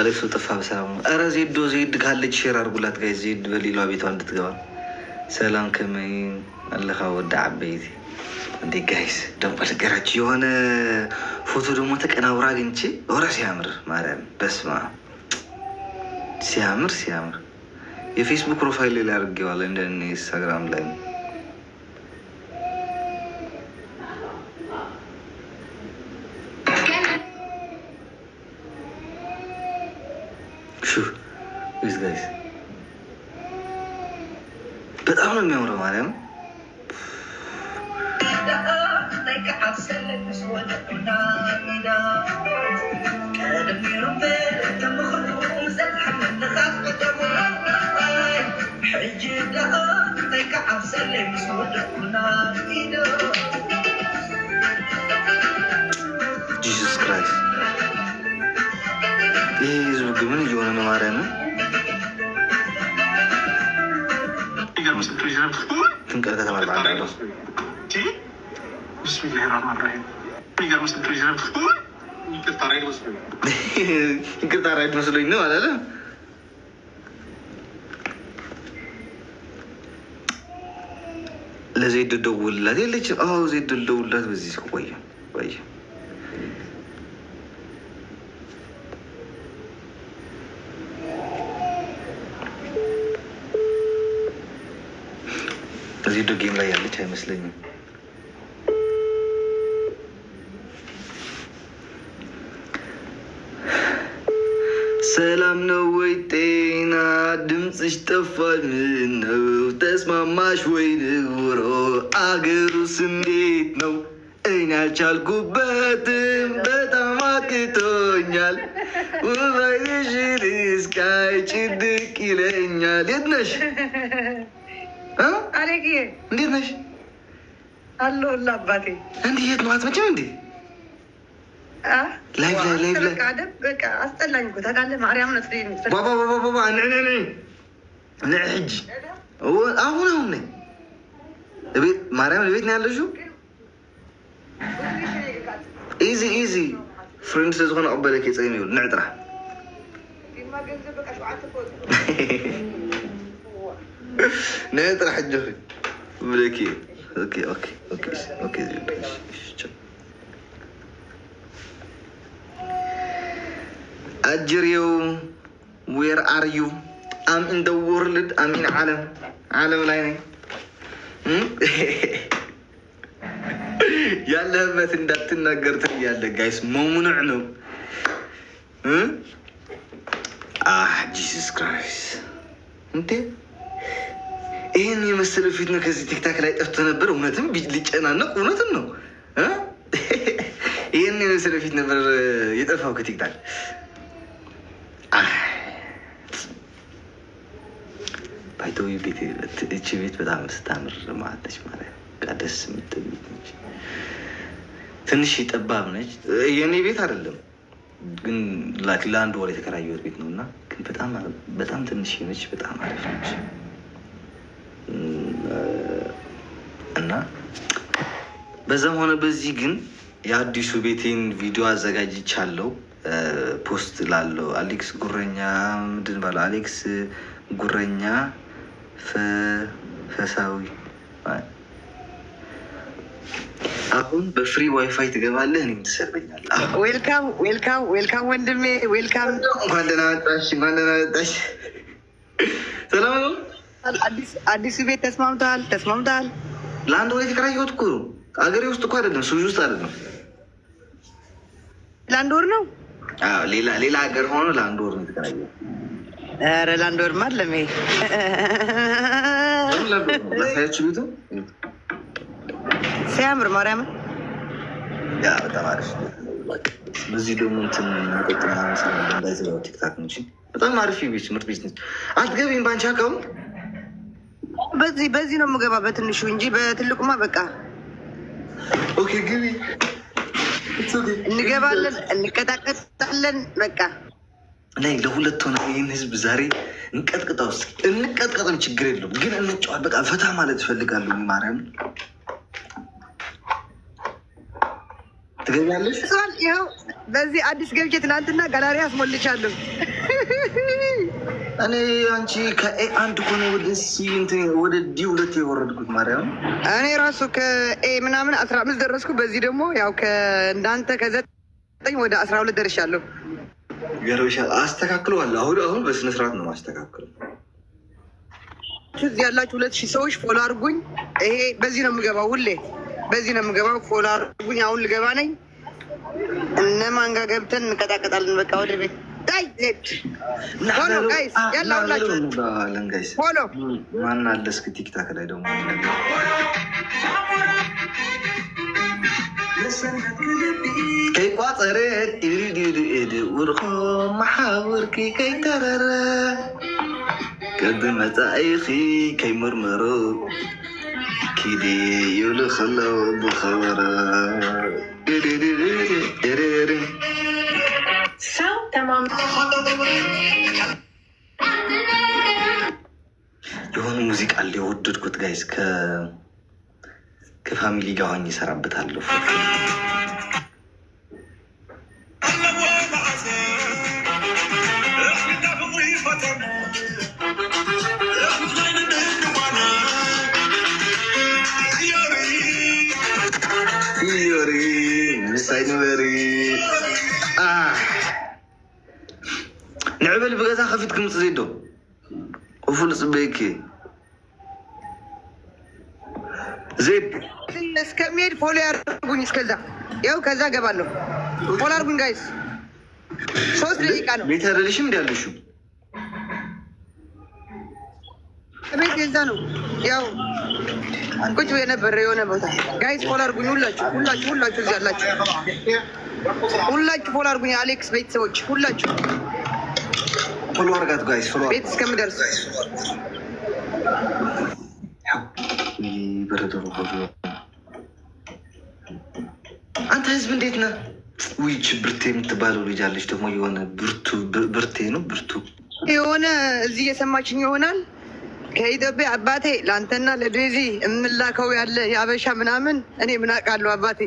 አሪፍ ጥፋ በሰላም ነው። ኧረ ዜዶ ዜድ ካለች ሼር አድርጉላት ጋይ ዜድ በሌሏ ቤቷ እንድትገባ። ሰላም ከመይ አለኻ ወደ ዓበይቲ እንዴ ጋይስ ደሞ ነገራችሁ የሆነ ፎቶ ደግሞ ተቀናብራ አግኝቼ ወራ ሲያምር ማርያም በስማ ሲያምር ሲያምር የፌስቡክ ፕሮፋይል ላይ አድርጌዋለሁ እንደ ኢንስታግራም ላይ ነው የሚያምረው ማርያም حجي ፍንቀል ከተመላ አንዳንዱ ይቅርታ ራይድ መስሎኝ ነው አላለ። ለዜድ ደውልላት የለችም። አዎ ዜድ ደውልላት። በዚህ ቆየ ቆየ እዚህ ዶ ጌም ላይ ያለች አይመስለኝም። ሰላም ነው ወይ ጤና? ድምፅሽ ጠፋል። ምን ነው ተስማማሽ ወይ ንውሮ አገሩስ እንዴት ነው? እኔ አልቻልኩበትም፣ በጣም አቅቶኛል። ውበትሽን እስካይች ጭድቅ ይለኛል። የት ነሽ? አሌቅዬ እንዴት ነሽ? አለሁልህ አባቴ። እንዲህ የት ነው አትመጭም እንዴ? ላይፍ ላይ ላይፍ ላይ በቃ አስጠላኝ እኮ ታውቃለህ። ማርያም ነት ንሕጂ አሁን አሁን ነኝ ቤት ማርያም ቤት ነው ያለሽው። ኢዚ ኢዚ ፍሬንድ ስለዝኾነ ቀበለ ከይፀይም ይብል ንዕ نهاية راح تجري ملكي اوكي اوكي اوكي اوكي አጅሬው ዌር አር ዩ አም እንደ ወርልድ አሚን ዓለም ዓለም ላይ ነኝ። ያለህበት እንዳትናገር ትያለህ። ጋይስ መሙንዕ ነው። ጂሱስ ክራይስት ah, እንዴ ይህን የመሰለ ፊት ነው ከዚህ ቲክታክ ላይ ጠፍቶ ነበር። እውነትም ሊጨናነቅ እውነትም ነው። ይህን የመሰለ ፊት ነበር የጠፋው ከቲክታክ። ባይተዊ ቤት እች ቤት በጣም ስታምር ማለች ማለ ቀደስ የምትል ቤት ነች። ትንሽ ጠባብ ነች። የእኔ ቤት አይደለም ግን ለአንድ ወር የተከራየሁት ቤት ነው እና ግን በጣም ትንሽ ነች። በጣም አሪፍ ነች። እና በዛም ሆነ በዚህ ግን የአዲሱ ቤቴን ቪዲዮ አዘጋጅቻለሁ። ፖስት ላለው አሌክስ ጉረኛ ምንድን ባለው አሌክስ ጉረኛ ፈሳዊ አሁን በፍሪ ዋይፋይ ትገባለህ፣ እኔም ትሰርበኛለህ። ዌልካም ዌልካም ዌልካም ወንድሜ ዌልካም። እንኳን ደህና መጣሽ፣ እንኳን ደህና መጣሽ። ሰላም ነው። አዲሱ ቤት ተስማምተሃል፣ ተስማምተሃል ለአንድ ወር የተከራየሁት እኮ ነው። አገሬ ውስጥ እኮ አይደለም፣ ሱዚ ውስጥ አይደለም። ለአንድ ወር ነው። ሌላ ሀገር ሆኖ ለአንድ ወር ነው የተከራየሁት። ኧረ ለአንድ ወር አይደለም ይሄ ሳያችሁ ቤቱ ሲያምር ማርያምን በጣም አሪፍ በዚህ ደግሞ እንትን መጠጥ ምናምን ስለሆነ ቲክታክ እንጂ በጣም አሪፍ ቤት ትምህርት ቤት ነች። አትገቢም በአንቺ አካውንት በዚህ በዚህ ነው የምገባ በትንሹ እንጂ በትልቁማ በቃ ኦኬ፣ ግቢ እንገባለን፣ እንቀጣቀጣለን። በቃ ላይ ለሁለት ሆነ ይህን ህዝብ ዛሬ እንቀጥቅጣው እስኪ እንቀጥቀጥም፣ ችግር የለውም ግን እንጫዋል። በቃ ፈታ ማለት ይፈልጋሉ ማርያም ትገኛለች። ይኸው በዚህ አዲስ ገብቼ ትናንትና ጋላሪ አስሞልቻለሁ። እኔ አንቺ ከኤ አንድ ኮነ ወደ ሲ ወደ ዲ ሁለት የወረድኩት ማርያም። እኔ ራሱ ከኤ ምናምን አስራ አምስት ደረስኩ። በዚህ ደግሞ ያው እንዳንተ ከዘጠኝ ወደ አስራ ሁለት ደርሻለሁ። ገርብሻል። አስተካክለዋለሁ። አሁን አሁን በስነ ስርዓት ነው ማስተካክለው። እዚህ ያላችሁ ሁለት ሺህ ሰዎች ፎሎ አርጉኝ። ይሄ በዚህ ነው የምገባው፣ ሁሌ በዚህ ነው የምገባው። ፎሎ አርጉኝ። አሁን ልገባ ነኝ። እነ ገብተን እንቀጣቀጣለን። በቃ ወደ ቤት ዳይ ኔድ ሆኖ ጋይስ ያላውላችሁ ሆኖ ማን አለ እስኪ ቲክታክ ላይ ደግሞ ከይቋፀረት ድድድድ ውርኮ መሓውርኪ ከይተረረ ቅድ መፃኢኺ ከይምርመሮ ኪድ ይብል ከለው ብኸበረ ድድድድ የሆነ ሙዚቃ አለ የወደድኩት ጋይስ ከፋሚሊ ጋር ሆኜ እሰራበታለሁ። ገዛ ከፊት ክምፅ ዘይዶ እፉን ፅበይክ ዜድ እስከሚሄድ ፎሎ ያርጉኝ። እስከዛ ያው ከዛ ገባለሁ። ፎሎ አርጉኝ ጋይስ። ሶስት ደቂቃ ነው። ቤት አይደለሽም እንዲ ያለሹ ቤት የዛ ነው። ያው ቁጭ የነበረ የሆነ ቦታ ጋይስ ፎሎ አርጉኝ። ሁላችሁ ሁላችሁ ሁላችሁ እዚህ ያላችሁ ሁላችሁ ፎሎ አርጉኝ። አሌክስ ቤተሰቦች ሁላችሁ ፎሎ አርጋት ጋይስ፣ ፎሎ ቤት እስከምደርስ አንተ ህዝብ እንዴት ነህ? ውይች ብርቴ የምትባለው ልጅ አለች ደግሞ የሆነ ብርቱ ብርቴ ነው ብርቱ የሆነ እዚህ እየሰማችኝ ይሆናል። ከኢትዮጵያ አባቴ ለአንተና ለዴዚ የምላከው ያለ የአበሻ ምናምን እኔ ምን አውቃለሁ አባቴ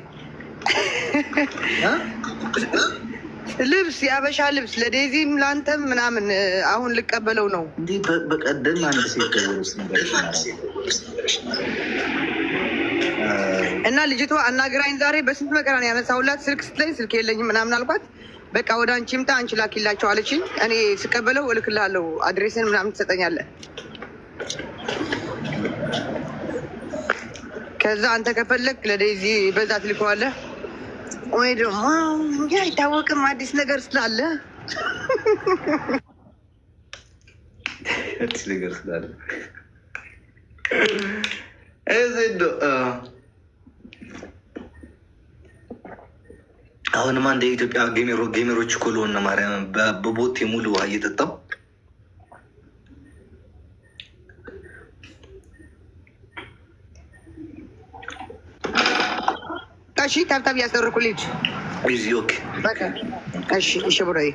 ልብስ የአበሻ ልብስ ለዴዚም ለአንተም ምናምን አሁን ልቀበለው ነው። እንዲህ በቀደም አንድ ሴት እና ልጅቷ አናግራኝ ዛሬ በስንት መከራ ነው ያነሳሁላት። ስልክ ስትለኝ ስልክ የለኝም ምናምን አልኳት። በቃ ወደ አንቺ ምጣ አንቺ ላኪላቸው አለችኝ። እኔ ስቀበለው እልክልሃለሁ አድሬስን ምናምን ትሰጠኛለህ። ከዛ አንተ ከፈለግ ለዴዚ በዛ ትልከዋለህ። ወይ ደግሞ አይታወቅም። አዲስ ነገር ስላለ አዲስ ነገር ስላለ አሁንማ እንደ ኢትዮጵያ ጌሜሮች እኮ ልሆን ማርያም በቦቴ ሙሉ ውሃ እየጠጣው እሺ ታብታብ እያስጠርኩልኝ። እሺ እሺ ብሮዬ